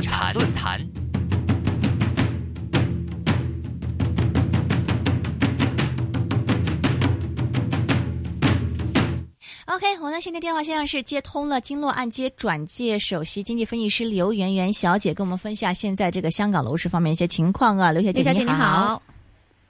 地產論壇。OK，我們現在電話線上是接通了經絡按揭轉介首席經濟分析師劉圓圓小姐，跟我們分享現在這個香港樓市方面一些情況啊。劉小姐，小姐你好。你好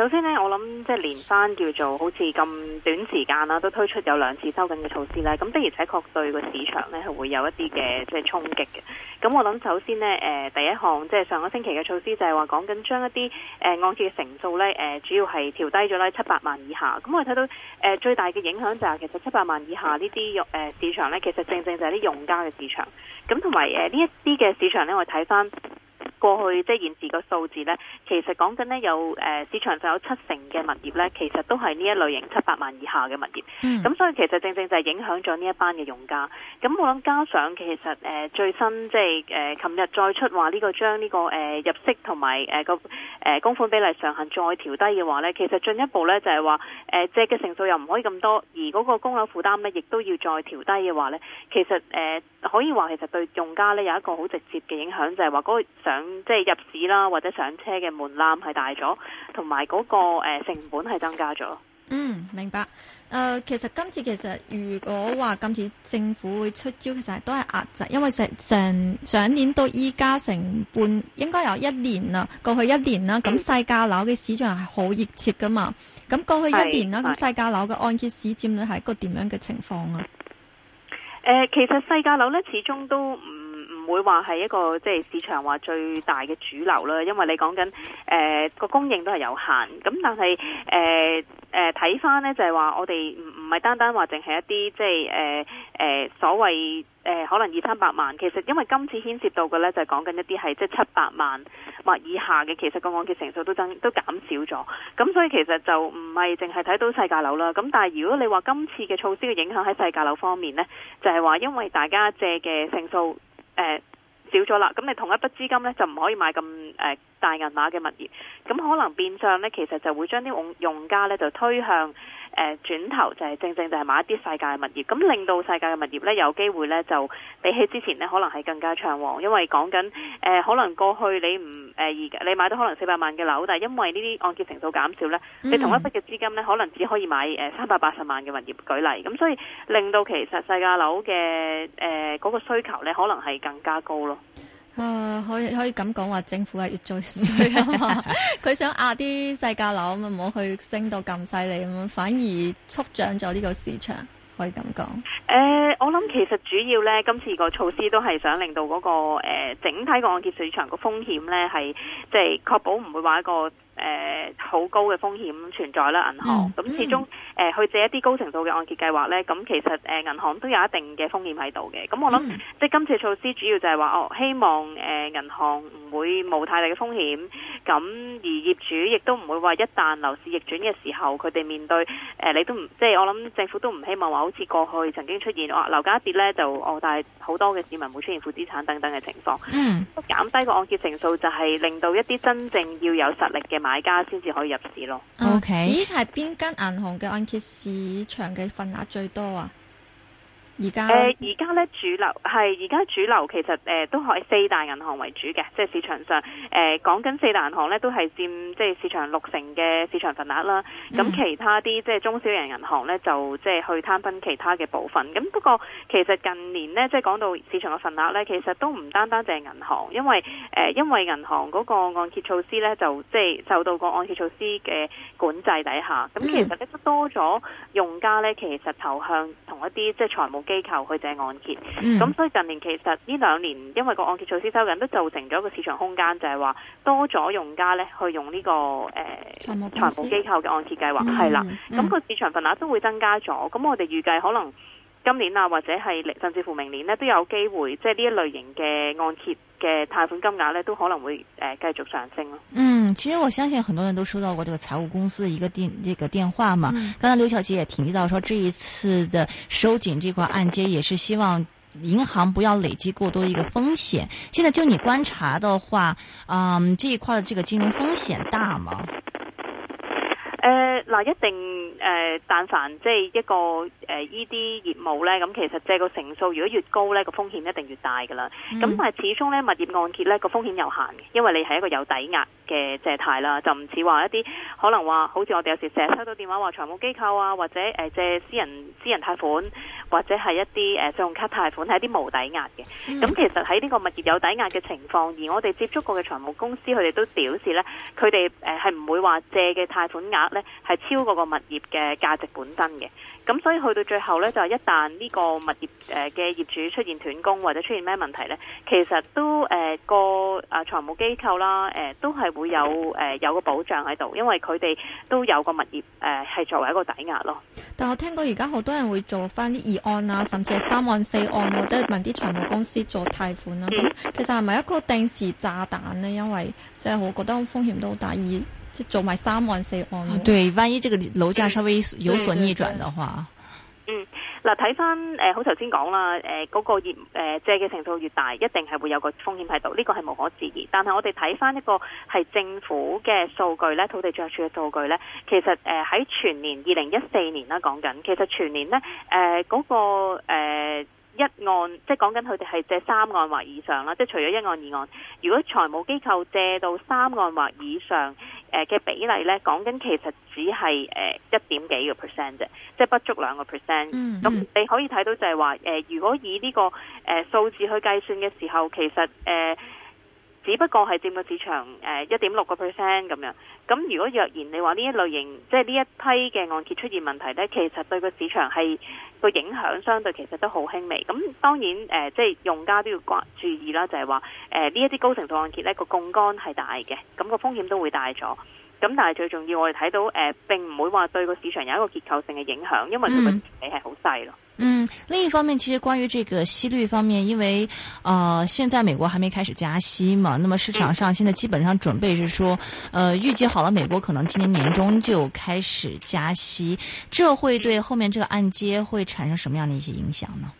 首先呢，我諗即係連翻叫做好似咁短時間啦，都推出有兩次收緊嘅措施咧。咁的而且確對個市場呢，係會有一啲嘅即係衝擊嘅。咁我諗首先呢，誒、呃、第一項即係上個星期嘅措施就係話講緊將一啲誒按揭嘅成數呢，誒、呃、主要係調低咗咧七百萬以下。咁我睇到誒、呃、最大嘅影響就係其實七百萬以下呢啲用誒市場呢，其實正正就係啲用家嘅市場。咁同埋誒呢一啲嘅市場呢，我睇翻。過去即係現時個數字呢，其實講緊呢，有誒、呃、市場上有七成嘅物業呢，其實都係呢一類型七百萬以下嘅物業。咁、嗯、所以其實正正就係影響咗呢一班嘅用家。咁我諗加上其實誒、呃、最新即係誒琴日再出話呢、呢個將呢、呢個誒、呃、入息同埋誒個誒供款比例上限再調低嘅話呢，其實進一步呢就，就係話誒借嘅成數又唔可以咁多，而嗰個供樓負擔呢，亦都要再調低嘅話呢，其實誒、呃、可以話其實對用家呢有一個好直接嘅影響，就係話嗰個想。即係入市啦，或者上車嘅門檻係大咗，同埋嗰個誒、呃、成本係增加咗。嗯，明白。誒、呃，其實今次其實如果話今次政府會出招，其實都係壓窒，因為成成上，上一年到依家，成半，應該有一年啦，過去一年啦。咁細價樓嘅市場係好熱切噶嘛？咁過去一年啦，咁細價樓嘅按揭市佔率係一個點樣嘅情況啊？誒、呃，其實細價樓咧始終都唔。會話係一個即係市場話最大嘅主流啦，因為你講緊誒個供應都係有限，咁但係誒誒睇翻呢，就係話我哋唔唔係單單話淨係一啲即係誒誒所謂誒可能二三百萬，其實因為今次牽涉到嘅呢，就係講緊一啲係即係七百萬或以下嘅，其實個按揭成數都增都減少咗，咁所以其實就唔係淨係睇到細價樓啦，咁但係如果你話今次嘅措施嘅影響喺細價樓方面呢，就係話因為大家借嘅成數。誒，少咗啦，咁你同一筆資金呢，就唔可以買咁誒、呃、大銀碼嘅物業，咁可能變相呢，其實就會將啲用用家呢，就推向。誒轉頭就係正正就係買一啲世界嘅物業，咁令到世界嘅物業呢，有機會呢，就比起之前呢，可能係更加暢旺，因為講緊誒可能過去你唔誒二，你買到可能四百萬嘅樓，但係因為呢啲按揭成數減少呢，你同一筆嘅資金呢，可能只可以買誒三百八十萬嘅物業，舉例，咁所以令到其實世界樓嘅誒嗰個需求呢，可能係更加高咯。呃、可以可以咁講話，政府係越做越衰啊！佢 想壓啲細價樓啊，唔好去升到咁犀利咁，反而促漲咗呢個市場，可以咁講。誒、呃，我諗其實主要咧，今次個措施都係想令到嗰、那個誒、呃、整體個按揭市場個風險咧，係即係確保唔會話一個。誒、呃，好高嘅風險存在啦，銀行咁始終，誒、嗯呃、去借一啲高程度嘅按揭計劃咧，咁其實，誒、呃、銀行都有一定嘅風險喺度嘅。咁我諗、嗯，即係今次措施主要就係話，哦，希望誒、呃、銀行唔會冇太大嘅風險。咁而業主亦都唔會話，一旦樓市逆轉嘅時候，佢哋面對、呃、你都唔即係我諗政府都唔希望話，好似過去曾經出現話、哦、樓價跌呢，就我、哦、但係好多嘅市民會出現負資產等等嘅情況。嗯，減低個按揭成數就係令到一啲真正要有實力嘅買家先至可以入市咯。OK，咦係邊間銀行嘅按揭市場嘅份額最多啊？誒而家咧主流係而家主流其實誒、呃、都可以四大銀行為主嘅，即係市場上誒講緊四大銀行咧都係佔即係市場六成嘅市場份額啦。咁、嗯、其他啲即係中小型銀行咧就即係去攤分其他嘅部分。咁不過其實近年呢，即係講到市場嘅份額咧，其實都唔單單淨係銀行，因為誒、呃、因為銀行嗰個按揭措施咧就即係受到個按揭措施嘅管制底下。咁其實咧多咗用家咧其實投向一啲即係財務機構去借按揭，咁、嗯、所以近年其實呢兩年，因為個按揭措施收緊都造成咗一個市場空間，就係、是、話多咗用家咧去用呢、這個誒財、呃、務機構嘅按揭計劃，係啦，咁、嗯，那個市場份額都會增加咗。咁我哋預計可能今年啊，或者係甚至乎明年咧，都有機會，即係呢一類型嘅按揭。的貸款金額呢都可能會呃，繼續上升。嗯，其實我相信很多人都收到過這個財務公司的一個電，這個電話嘛、嗯、剛才劉小姐也提到說，這一次的收緊這塊按揭也是希望銀行不要累積過多的一個風險。現在就你觀察的話，嗯，這一塊的這個金融風險大嗎？誒、呃、嗱，一定誒，但、呃、凡即係一個誒依啲業務咧，咁其實借個成數如果越高咧，個風險一定越大㗎啦。咁、嗯、但係始終咧，物業按揭咧個風險有限嘅，因為你係一個有抵押嘅借貸啦，就唔似話一啲可能話好似我哋有時成日收到電話話財務機構啊，或者誒、呃、借私人私人貸款或者係一啲誒信用卡貸款係一啲無抵押嘅。咁、嗯嗯、其實喺呢個物業有抵押嘅情況，而我哋接觸過嘅財務公司佢哋都表示咧，佢哋誒係唔會話借嘅貸款額。咧係超過個物業嘅價值本身嘅，咁所以去到最後呢，就係一旦呢個物業嘅業主出現斷供或者出現咩問題呢，其實都誒、呃、那個啊財務機構啦誒都係會有誒、呃、有個保障喺度，因為佢哋都有個物業誒係、呃、作為一個抵押咯。但我聽講而家好多人會做翻二按啊，甚至係三按四按，或者問啲財務公司做貸款啦。咁其實係咪一個定時炸彈呢？因為即係我覺得風險都好大意。即做埋三案四案，e o 對，萬一這個樓價稍微有所逆轉的話，嗯，嗱睇翻誒，好頭先講啦，誒、呃，嗰、那個越誒、呃、借嘅程度越大，一定係會有個風險喺度，呢、這個係無可置疑。但係我哋睇翻一個係政府嘅數據咧，土地註冊處嘅數據咧，其實誒喺、呃、全年二零一四年啦講緊，其實全年咧誒嗰個誒一、呃、案，即係講緊佢哋係借三案或以上啦，即係除咗一案二案，如果財務機構借到三案或以上。誒、呃、嘅比例咧，講緊其實只係誒一點幾個 percent 啫，即係不足兩個 percent。咁、mm-hmm. 你可以睇到就係話，誒、呃、如果以呢、這個誒、呃、數字去計算嘅時候，其實誒，呃只不過係佔個市場誒一點六個 percent 咁樣，咁如果若然你話呢一類型即係呢一批嘅按揭出現問題呢，其實對個市場係個影響，相對其實都好輕微。咁當然誒，即、呃、係、就是、用家都要關注意啦，就係話誒呢一啲高程度按揭呢個槓桿係大嘅，咁個風險都會大咗。咁但係最重要我，我哋睇到，誒，並唔會話對個市場有一個結構性嘅影響，因為佢嘅比例係好細咯。嗯，另一方面，其實關於這個息率方面，因為啊、呃，現在美國還沒開始加息嘛，那麼市場上現在基本上準備是說，呃，預計好了，美國可能今年年中就開始加息，這會對後面這個按揭會產生什麼樣的一些影響呢？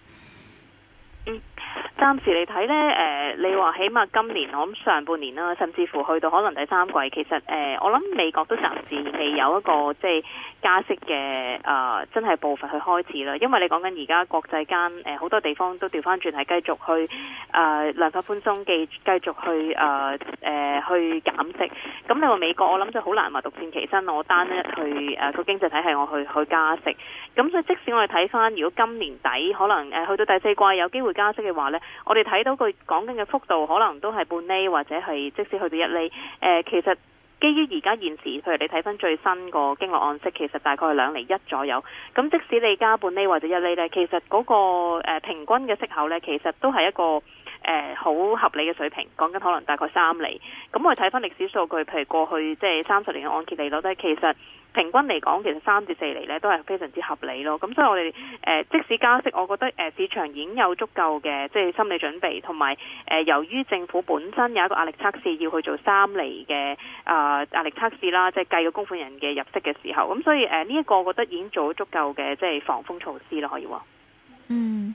暫時嚟睇呢，誒、呃，你話起碼今年，我諗上半年啦，甚至乎去到可能第三季，其實誒、呃，我諗美國都暫時未有一個即係加息嘅誒、呃，真係步伐去開始啦。因為你講緊而家國際間誒好、呃、多地方都調翻轉，係繼續去誒量化寬鬆，繼繼續去誒誒、呃呃、去減息。咁你話美國，我諗就好難話獨善其身，我單一去誒個、呃、經濟體系，我去去加息。咁所以即使我哋睇翻，如果今年底可能誒、呃、去到第四季有機會加息嘅話呢。我哋睇到佢講緊嘅幅度可能都係半厘或者係即使去到一厘，誒、呃，其實基於而家現時，譬如你睇翻最新個經絡按息，其實大概係兩厘一左右。咁即使你加半厘或者一厘呢，其實嗰、那個誒、呃、平均嘅息口呢，其實都係一個誒好、呃、合理嘅水平。講緊可能大概三厘。咁我哋睇翻歷史數據，譬如過去即係三十年嘅按揭利率呢，其實。平均嚟講，其實三至四厘呢都係非常之合理咯。咁所以我哋、呃、即使加息，我覺得市場已經有足夠嘅即係心理準備，同埋、呃、由於政府本身有一個壓力測試，要去做三厘嘅啊壓力測試啦，即係計個供款人嘅入息嘅時候。咁所以誒呢一個，覺得已經做咗足夠嘅即係防風措施咯，可以話。嗯。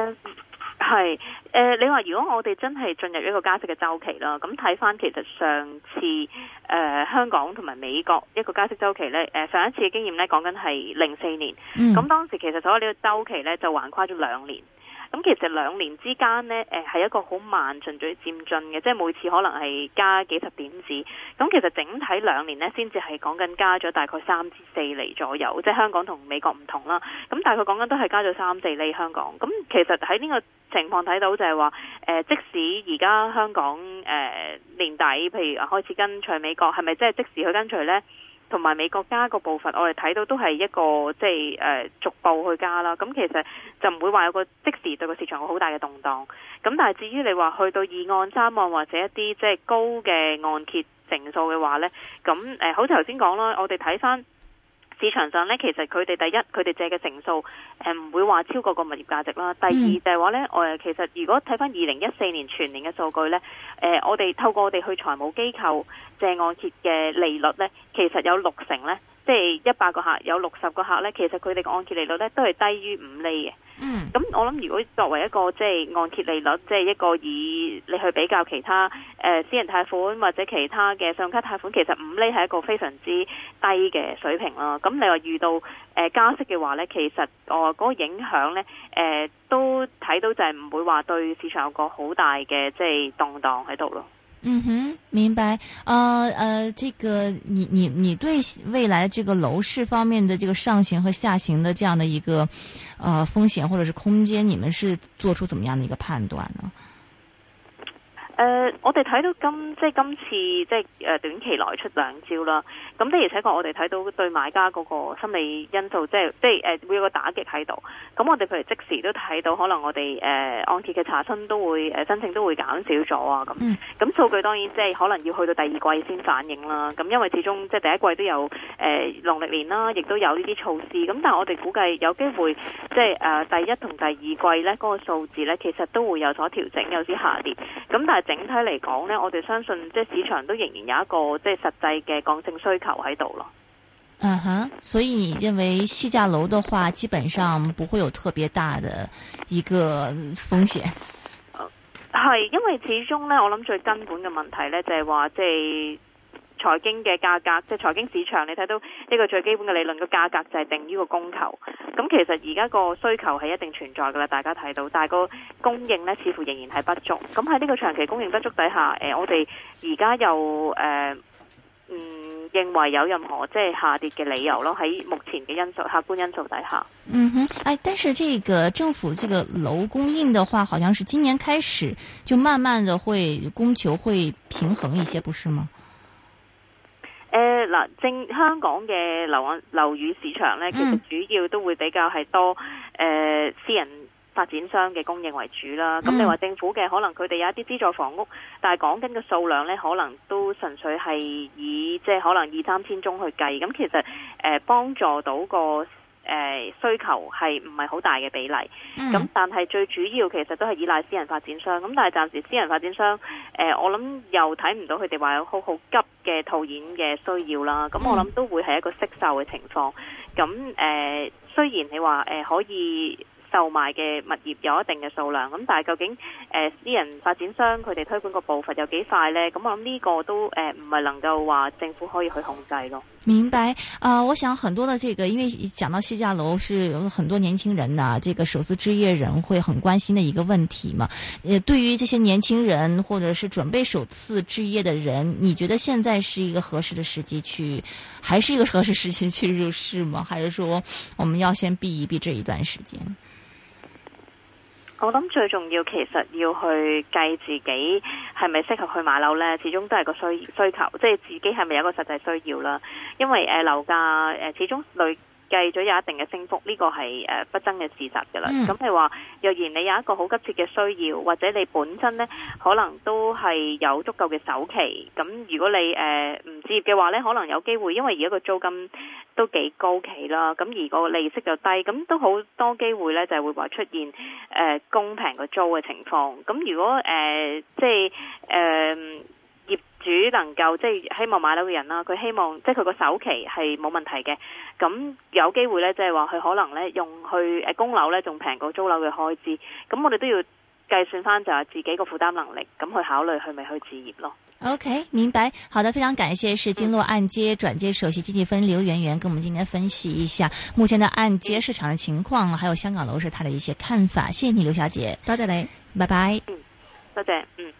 係，誒、呃、你話如果我哋真係進入一個加息嘅周期囉。咁睇翻其實上次誒、呃、香港同埋美國一個加息周期咧、呃，上一次嘅經驗咧，講緊係零四年，咁當時其實所以呢個周期咧就橫跨咗兩年。咁其實兩年之間呢誒係一個好慢循序、循循漸進嘅，即係每次可能係加幾十點子。咁其實整體兩年呢先至係講緊加咗大概三至四厘左右，即係香港同美國唔同啦。咁大概講緊都係加咗三四厘香港。咁其實喺呢個情況睇到就係話，誒、呃、即使而家香港誒、呃、年底，譬如開始跟隨美國，係咪即係即時去跟隨呢？同埋美國加個部分，我哋睇到都係一個即係誒、呃、逐步去加啦。咁其實就唔會話有個即時對個市場有好大嘅動蕩。咁但係至於你話去到二案、三案或者一啲即係高嘅按揭成數嘅話呢，咁誒、呃、好似頭先講啦，我哋睇翻。市場上咧，其實佢哋第一，佢哋借嘅成數，誒、呃、唔會話超過個物業價值啦。第二就係、嗯、話咧，我誒其實如果睇返二零一四年全年嘅數據咧，誒、呃、我哋透過我哋去財務機構借按揭嘅利率咧，其實有六成咧，即係一百個客有六十個客咧，其實佢哋嘅按揭利率咧都係低於五厘嘅。嗯，咁我諗如果作為一個即係按揭利率，即、就、係、是、一個以。你去比較其他誒、呃、私人貸款或者其他嘅信用卡貸款，其實五厘係一個非常之低嘅水平咯。咁你話遇到誒、呃、加息嘅話咧，其實我嗰、呃那個影響咧誒都睇到就係唔會話對市場有個好大嘅即係動蕩喺度咯。嗯哼，明白。啊、呃、啊、呃，這個你你你對未來這個樓市方面的這個上行和下行的這樣的一個啊、呃、風險或者是空間，你們是做出怎麼樣的一個判斷呢？誒、呃，我哋睇到今即係今次即係短期內出兩招啦。咁的而且確，確我哋睇到對買家嗰個心理因素，即係即係、呃、會有個打擊喺度。咁、嗯、我哋譬如即時都睇到，可能我哋誒、呃、按揭嘅查詢都會申請都會減少咗啊。咁咁數據當然即係可能要去到第二季先反映啦。咁因為始終即係第一季都有誒農曆年啦，亦都有呢啲措施。咁但係我哋估計有機會即係、呃、第一同第二季咧、嗰個數字咧，其實都會有所調整，有啲下跌。咁但係整體嚟講呢，我哋相信即係市場都仍然有一個即係實際嘅剛性需求喺度咯。嗯哼，所以你認為細價樓嘅話，基本上不會有特別大的一個風險。哦，係，因為始終呢我諗最根本嘅問題呢就係、是、話即係。財經嘅價格，即係財經市場，你睇到呢個最基本嘅理論，個價格就係定於個供求。咁其實而家個需求係一定存在噶啦，大家睇到，但係個供應呢似乎仍然係不足。咁喺呢個長期供應不足底下，誒，我哋而家又誒，嗯，唔認為有任何即係下跌嘅理由咯。喺目前嘅因素、客觀因素底下，嗯哼，誒，但是呢個政府呢個樓供應嘅話，好像是今年開始就慢慢的會供求會平衡一些，不是嗎？嗱，正香港嘅樓按樓宇市場咧，其實主要都會比較係多誒、呃、私人發展商嘅供應為主啦。咁你話政府嘅可能佢哋有一啲資助房屋，但係講緊嘅數量咧，可能都純粹係以即係可能二三千宗去計。咁其實誒幫、呃、助到個。誒、呃，需求係唔係好大嘅比例，咁、mm-hmm. 但係最主要其實都係依賴私人發展商，咁但係暫時私人發展商，誒、呃，我諗又睇唔到佢哋話有好好急嘅套現嘅需要啦，咁我諗都會係一個惜售嘅情況，咁誒、呃，雖然你話誒、呃、可以。售賣嘅物業有一定嘅數量，咁但係究竟誒私人發展商佢哋推盤個步伐有幾快呢？咁我諗呢個都誒唔係能夠話政府可以去控制咯。明白啊、呃！我想很多的這個，因為講到細價樓是有很多年輕人呢、啊、這個首次置業人會很關心的一個問題嘛。誒、呃，對於這些年輕人或者是準備首次置業的人，你覺得現在是一個合適的時機去，還是一個合適時機去入市嗎？還是說我們要先避一避這一段時間？我諗最重要其實要去計自己係咪適合去買樓呢，始終都係個需需求，即係自己係咪有個實際需要啦。因為誒樓價誒始終累。計咗有一定嘅升幅，呢、這個係誒、呃、不爭嘅事實嘅啦。咁、嗯、譬如話，若然你有一個好急切嘅需要，或者你本身呢可能都係有足夠嘅首期，咁如果你誒唔置業嘅話呢，可能有機會，因為而家個租金都幾高企啦，咁而那個利息就低，咁都好多機會呢就係會話出現誒、呃、公平嘅租嘅情況。咁如果誒、呃、即係誒。呃主能夠即係希望買樓嘅人啦，佢希望即係佢個首期係冇問題嘅，咁有機會咧，即係話佢可能咧用去誒供樓咧仲平過租樓嘅開支，咁我哋都要計算返就係自己個負擔能力，咁去考慮係咪去置業咯。OK，明白。好的，非常感謝係經絡按揭轉接首席經濟分析劉圓圓，跟我們今天分析一下目前的按揭市場嘅情況，嗯，還有香港樓市佢嘅一些看法。謝謝你，劉小姐。多謝你，拜拜。嗯，多謝。嗯。